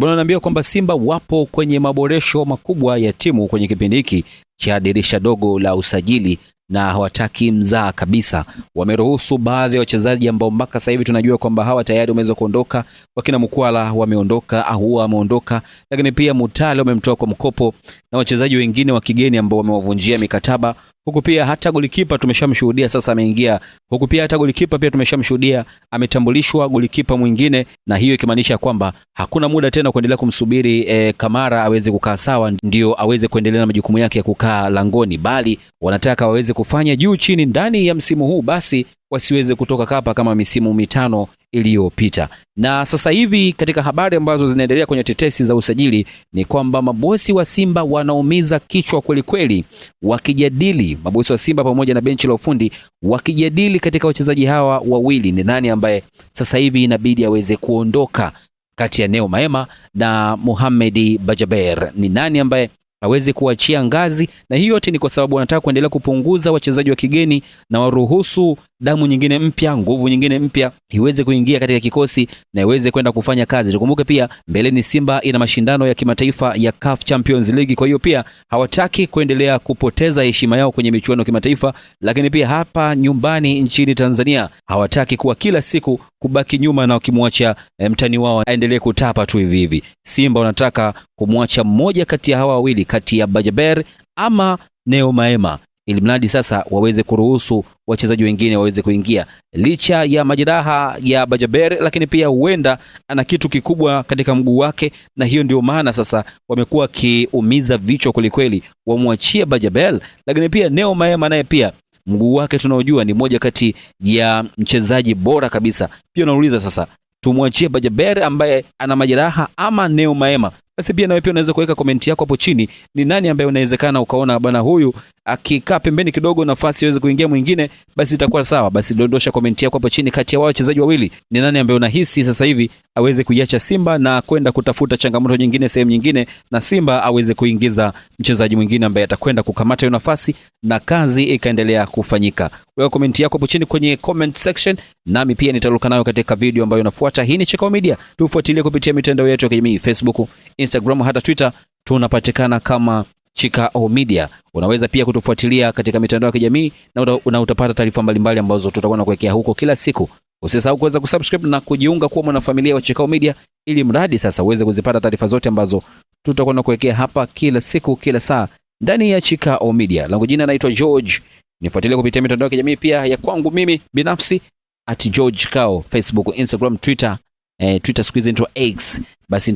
Bwana anaambia kwamba Simba wapo kwenye maboresho makubwa ya timu kwenye kipindi hiki cha dirisha dogo la usajili na hawataki mzaa kabisa. Wameruhusu baadhi ya wachezaji ambao mpaka sasa hivi tunajua kwamba hawa tayari wameweza kuondoka. Wakina Mkwala wameondoka, Ahoua ameondoka, lakini pia Mutale wamemtoa kwa mkopo na wachezaji wengine wa kigeni ambao wamewavunjia mikataba huku pia hata golikipa tumeshamshuhudia sasa ameingia huku pia hata golikipa pia tumeshamshuhudia ametambulishwa golikipa mwingine, na hiyo ikimaanisha kwamba hakuna muda tena kuendelea kumsubiri e, Kamara aweze kukaa sawa ndio aweze kuendelea na majukumu yake ya kukaa langoni, bali wanataka waweze kufanya juu chini ndani ya msimu huu, basi wasiweze kutoka kapa kama misimu mitano iliyopita. Na sasa hivi katika habari ambazo zinaendelea kwenye tetesi za usajili ni kwamba mabosi wa Simba wanaumiza kichwa kwelikweli, wakijadili mabosi wa Simba pamoja na benchi la ufundi wakijadili katika wachezaji hawa wawili, ni nani ambaye sasa hivi inabidi aweze kuondoka kati ya Neo Maema na Mohamed Bajaber, ni nani ambaye aweze kuachia ngazi, na hiyo yote ni kwa sababu wanataka kuendelea kupunguza wachezaji wa kigeni na waruhusu damu nyingine mpya, nguvu nyingine mpya iweze kuingia katika kikosi na iweze kwenda kufanya kazi. Tukumbuke pia mbele ni Simba ina mashindano ya kimataifa ya CAF Champions League, kwa hiyo pia hawataki kuendelea kupoteza heshima yao kwenye michuano ya kimataifa, lakini pia hapa nyumbani nchini Tanzania hawataki kuwa kila siku kubaki nyuma na wakimwacha eh, mtani wao aendelee kutapa tu hivi hivi. Simba wanataka kumwacha mmoja kati ya hawa wawili, kati ya Bajaber ama Neo Maema, ili mradi sasa waweze kuruhusu wachezaji wengine waweze kuingia, licha ya majeraha ya Bajaber, lakini pia huenda ana kitu kikubwa katika mguu wake, na hiyo ndio maana sasa wamekuwa wakiumiza vichwa kwelikweli, wamwachie Bajaber, lakini pia Neo Maema naye pia mguu wake tunaojua ni moja kati ya mchezaji bora kabisa. Pia unauliza sasa, tumwachie Bajaber ambaye ana majeraha ama Neo Maema basi pia nawe pia unaweza kuweka komenti yako hapo chini, ni nani ambaye unawezekana ukaona bwana huyu akikaa pembeni kidogo, nafasi iweze kuingia mwingine, basi itakuwa sawa. Basi dondosha komenti yako hapo chini, kati ya wao wachezaji wawili, ni nani ambaye unahisi sasa hivi aweze kuiacha Simba na kwenda kutafuta changamoto nyingine sehemu nyingine, na Simba aweze kuingiza mchezaji mwingine ambaye atakwenda kukamata hiyo nafasi na kazi ikaendelea kufanyika. Weka komenti yako hapo chini kwenye comment section, nami pia nitaruka nayo katika video ambayo inafuata. Hii ni Chikao Media, tufuatilie kupitia mitandao yetu ya kijamii Facebook Instagram hata Twitter tunapatikana kama Chikao Media. Unaweza pia kutufuatilia katika mitandao ya kijamii na, uta, na utapata taarifa mbalimbali ambazo tutakuwa na kuwekea huko kila siku. Usisahau kuweza kusubscribe na kujiunga kuwa mwanafamilia wa Chikao Media ili mradi sasa uweze kuzipata taarifa zote ambazo tutakuwa na kuwekea hapa kila siku kila saa ndani ya Chikao Media. Langu jina naitwa George. Nifuatilie kupitia mitandao ya kijamii pia ya kwangu mimi binafsi at George Kao, Facebook, Instagram, Twitter. Eh, Twitter siku hizi inaitwa X. Basi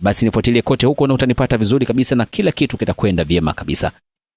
basi nifuatilie kote huko na utanipata vizuri kabisa, na kila kitu kitakwenda vyema kabisa.